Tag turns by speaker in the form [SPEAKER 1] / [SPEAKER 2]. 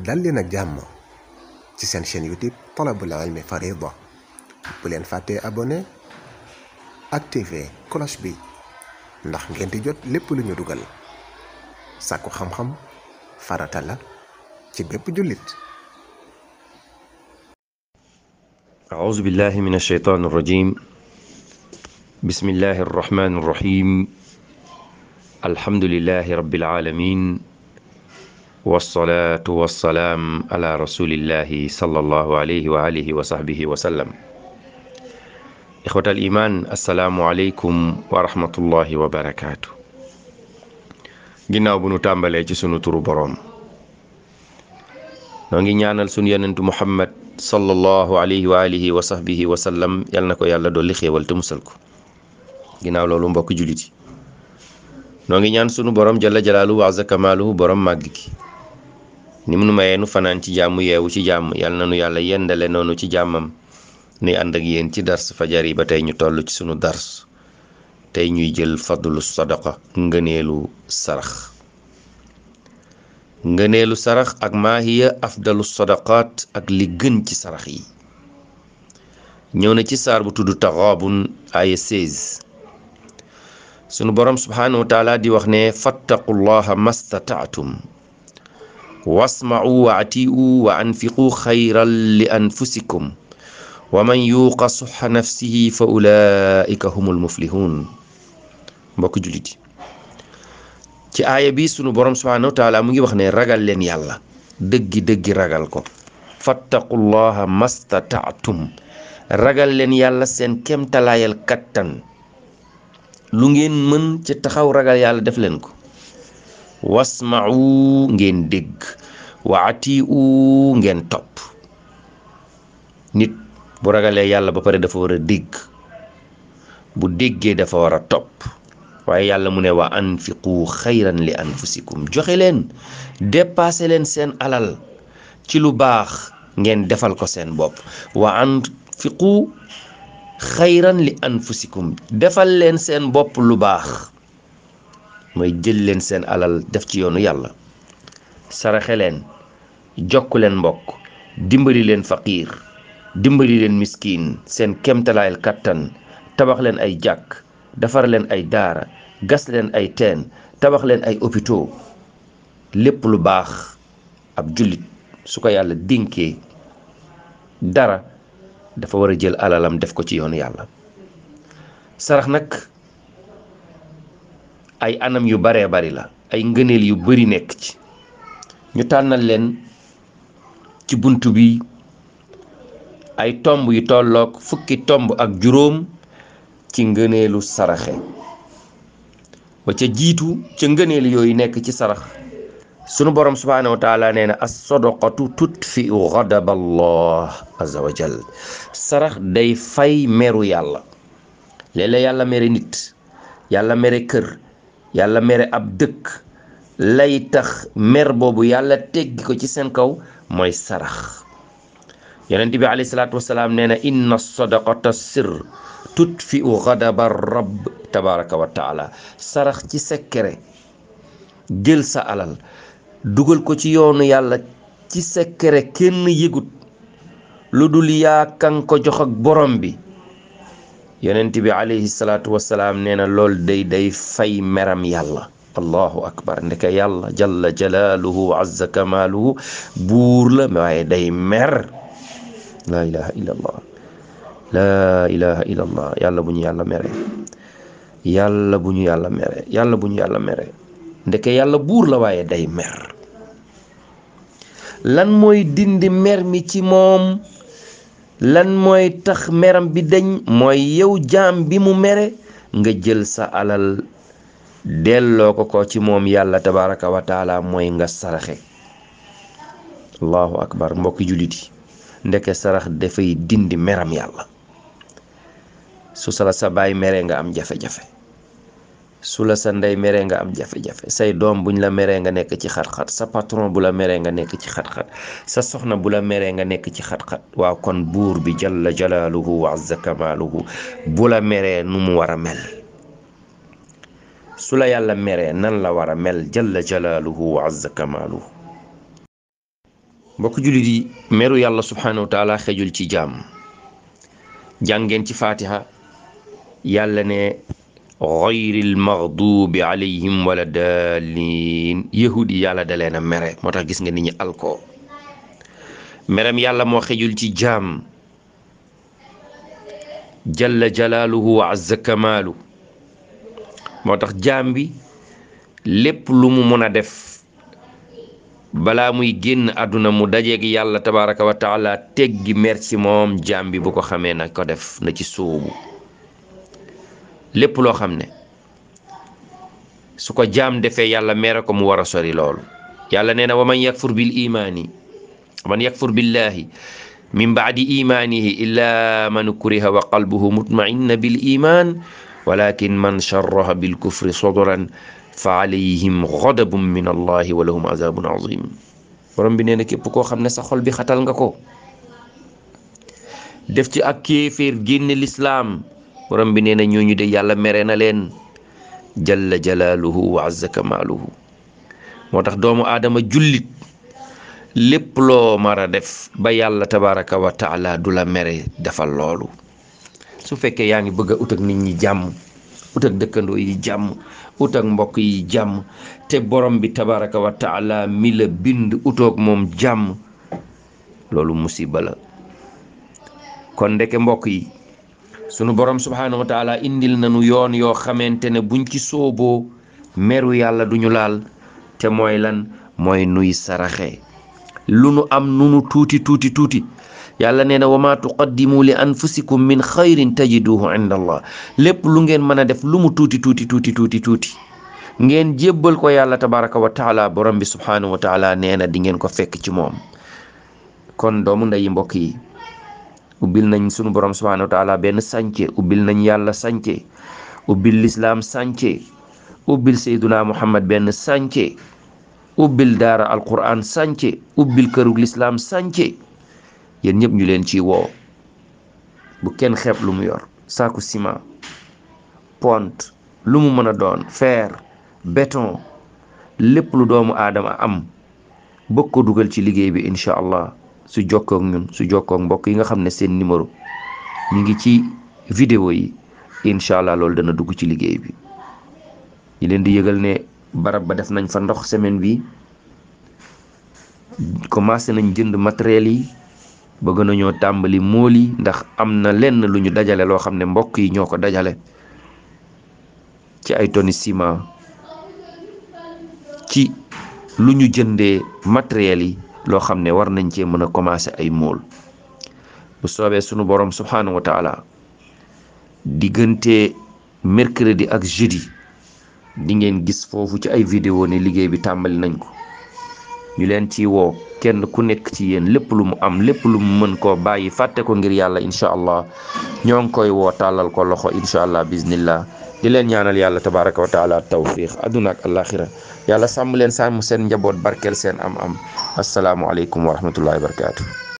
[SPEAKER 1] dal leen ak jàmm ci seen chaîne youtube talabul ilmi farida bu leen fàttee abonné activer cloche bi ndax ngeen di jot lépp lu ñu dugal sàkku xam-xam farata la ci bépp jullit أعوذ بالله من الشيطان الرجيم بسم الله الرحمن الرحيم الحمد لله wasalaatu wasalaam ala rasulillahi sallallahu alayhi wa alihi wa sahbihi wa sallam ixwata al iman asalaamu aleykum wa rahmatullahi wa barakaatu ginnaaw bu nu tàmbalee ci sunu turu boroom noo ngi ñaanal sunu yonentu muhammad sallallahu alayhi wa alihi wa sahbihi wa sallam yal na ko yàlla dolli xéewal te musal ko ginnaaw loolu mbokk jullit yi noo ngi ñaan sunu borom jalla jalaaluhu wa azza kamaaluhu borom màgg ki ni mu nu fanaan ci jàmm yeewu ci jàmm yàlla na nu yàlla yendale noonu ci jàmmam nuy ànd ak yéen ci dars fajar yi ba tey ñu toll ci sunu dars tey ñuy jël fadlu sadaqa ngëneelu sarax ngëneelu sarax ak maahiya afdalu sadaqaat ak li gën ci sarax yi ñëw na ci saar bu tudd taxaabun aya 16 sunu boroom subhaanahu wa di wax ne fattaqullaha mastataatum wasma'u wa ati'u wa anfiqu xayran li anfusikum wa man yuuqa suxa nafsihi fa ulaika humul muflihun mbokk bi sunu borom subhaanahu mu ngi wax ne ragal leen yàlla dëggi dëggi ragal ko fattaqullaha mastataatum ragal leen yàlla seen kemtalaayal kattan lu ngeen mën ci taxaw ragal yàlla def leen ko wasmau ngeen dégg wa atiu ngeen topp nit bu ragalee yàlla ba pare dafa war a dégg bu déggee dafa war a topp waaye yàlla mu ne wa anfiqu xayran li anfusikum joxe leen dépassé leen seen alal ci lu baax ngeen defal ko seen bopp wa anfiqu xayran li anfusikum defal leen seen bopp lu baax mooy jël leen seen alal def ci yoonu yàlla saraxe leen jokk leen mbokk dimbali leen faqiir dimbali leen miskiin seen kemtalaayal kàttan tabax leen ay jàkk defar leen ay daara gas leen ay teen tabax leen ay hôpitaux lépp lu baax ab jullit su ko yàlla dinkee dara dafa war a jël alalam def ko ci yoonu yàlla sarax nag ay anam yu bare bari la ay ngëneel yu bari nekk ci ñu tànnal leen ci bunt bi ay tomb yu tolloog fukki tomb ak juróom ci ngëneelu saraxe wa ca jiitu ca ngëneel yooyu nekk ci sarax sunu boroom subhaanahu wa taala nee na as sadaqatu tutfiu ghadaballah azza wa sarax day fay meru yàlla léeg yàlla mere nit yàlla mere kër yàlla mere ab dëkk lay tax mer boobu yàlla teggi ko ci seen kaw mooy sarax yonent bi alayhi salaatu wasalaam nee na inna sadaqata sirr tutfi u ghadaba rabb tabaraka wa taala sarax ci sekkere jël sa alal dugal ko ci yoonu yàlla ci sekkere kenn yëgut lu dul yaa kan ko jox ak borom bi yonent bi alayhi salaatu wasalaam nee na lool day day fay meram yàlla allahu akbar ndeke yàlla jalla jalaaluhu azza kamaaluhu buur la waaye day mer laa ilaha illa allah laa ilaha bu ñu yàlla mere yàlla bu ñu yàlla mere ndeke yàlla buur la waaye day mer lan mooy dindi mer mi ci moom lan mooy tax meram bi deñ mooy yow jaam bi mu mere nga jël sa alal delloo ko ko ci moom yàlla tabaraka wa mooy nga saraxe allahu akbar mbokki jullit yi ndeke sarax dafay dindi meram yàlla su sala sa baay mere nga am jafe-jafe su la sa ndey meree nga am jafe-jafe say doom buñ la meree nga nekk ci xat sa patron bu la meree nga nekk ci xat-xat sa soxna bu la meree nga nekk ci xat-xat waaw kon buur bi jalla jalaaluhu wa azza kamaaluhu bu la meree nu mu war a mel su la yàlla meree nan la war a mel jalla jalaaluhu wa azza kamaaluhu bokk jullit yi meru yàlla subhaanahu wa xejul ci jaam jàngeen ci faatiha yàlla ne gayril maxduubi alayhim wala daalliin yahud yàlla da na a mere moo tax gis nga nit ñi alko merem yàlla moo xejul ci jaam jalla jalaaluhu wa azza kamaalu moo tax jaam bi lépp lu mu mën a def balaa muy génn àdduna mu dajeeg yàlla tabaaraka wa taala teggi merci moom jaam bi bu ko xamee na ko def na ci sóobu lépp loo xam ne su ko jaam defee yàlla mere ko mu war a sori loolu yàlla nee na wa man yakfur bil imaani man yakfur billahi min baadi imaanihi illa man kuriha wa qalbuhu mutmainna bil iman walakin man charraha bil bi nee na ko def ak kéeféer génne lislaam borom bi nee na ñoo ñu de yàlla mere na leen jalla jalaaluhu wa azza moo tax doomu aadama jullit lépp loo mar a def ba yàlla tabaraka wa du la mere defal loolu su fekkee yaa ngi bëgg a ut ak nit ñi jàmm ut ak dëkkandoo yi jàmm ut ak mbokk yi jàmm te borom bi tabaraka wa mi la bind utoog moom jàmm loolu musiba la kon ndeke mbokk yi sunu borom subhaanahu wa taala indil nañu yoon yoo xamante ne buñ ci sooboo meru yàlla duñu laal te mooy lan mooy nuy saraxe lu nu am nunu tuuti tuuti tuuti yàlla nee na wa maa tuqaddimu li anfusikum min xayrin tajiduhu inda allah lépp lu ngeen mën a def lu mu tuuti tuuti tuuti tuuti tuuti ngeen jébbal ko yàlla tabaraka wa taala borom bi subhaanahu wa taala nee na di ngeen ko fekk ci moom kon doomu ndeyi mbokk yi ubbil nañ sunu borom subhanahu wa benn sànce ubbil nañ yàlla sànce ubbil lislaam sànce ubbil sayduna muhammad benn sànce ubbil daara alquran sànce ubbil kërug lislaam sànce yéen ñëpp ñu leen ci woo bu kenn xepp lu mu yor saaku sima pont lu mu mën a doon fer béton lépp lu doomu aadama am bokk ko dugal ci liggéey bi incha allah su jokkoo ñun su jokkoo mbokk yi nga xam ne seen numéro ñu ngi ci vidéo yi incha allah loolu dana dugg ci liggéey bi ñi leen di yëgal ne barab ba def nañ fa ndox semaine bi commencé nañ jënd matériel yi bëgg nañoo tàmbali mool yi ndax am na lenn lu ñu dajale loo xam ne mbokk yi ñoo ko dajale ci ay toni ciment ci lu ñu jëndee matériel yi loo xam ne war nañ cee mën a commencé ay mool bu soobee sunu borom subhaanahu wa taala diggante mercredi ak jeudi di ngeen gis foofu ci ay vidéo ne liggéey bi tàmbali nañ ko ñu leen ci woo kenn ku nekk ci yéen lépp lu mu am lépp lu mu mën koo bàyyi fàtte ko ngir yàlla incha allah ñoo ngi koy woo tàllal ko loxo incha allah bismillah di leen ñaanal yàlla tabaraka wa taala tawfiq adduna ak alaxira yàlla sàmm leen sàmm seen njaboot barkel seen am am asalaamualeykum wa rahmatullahi wa barakatu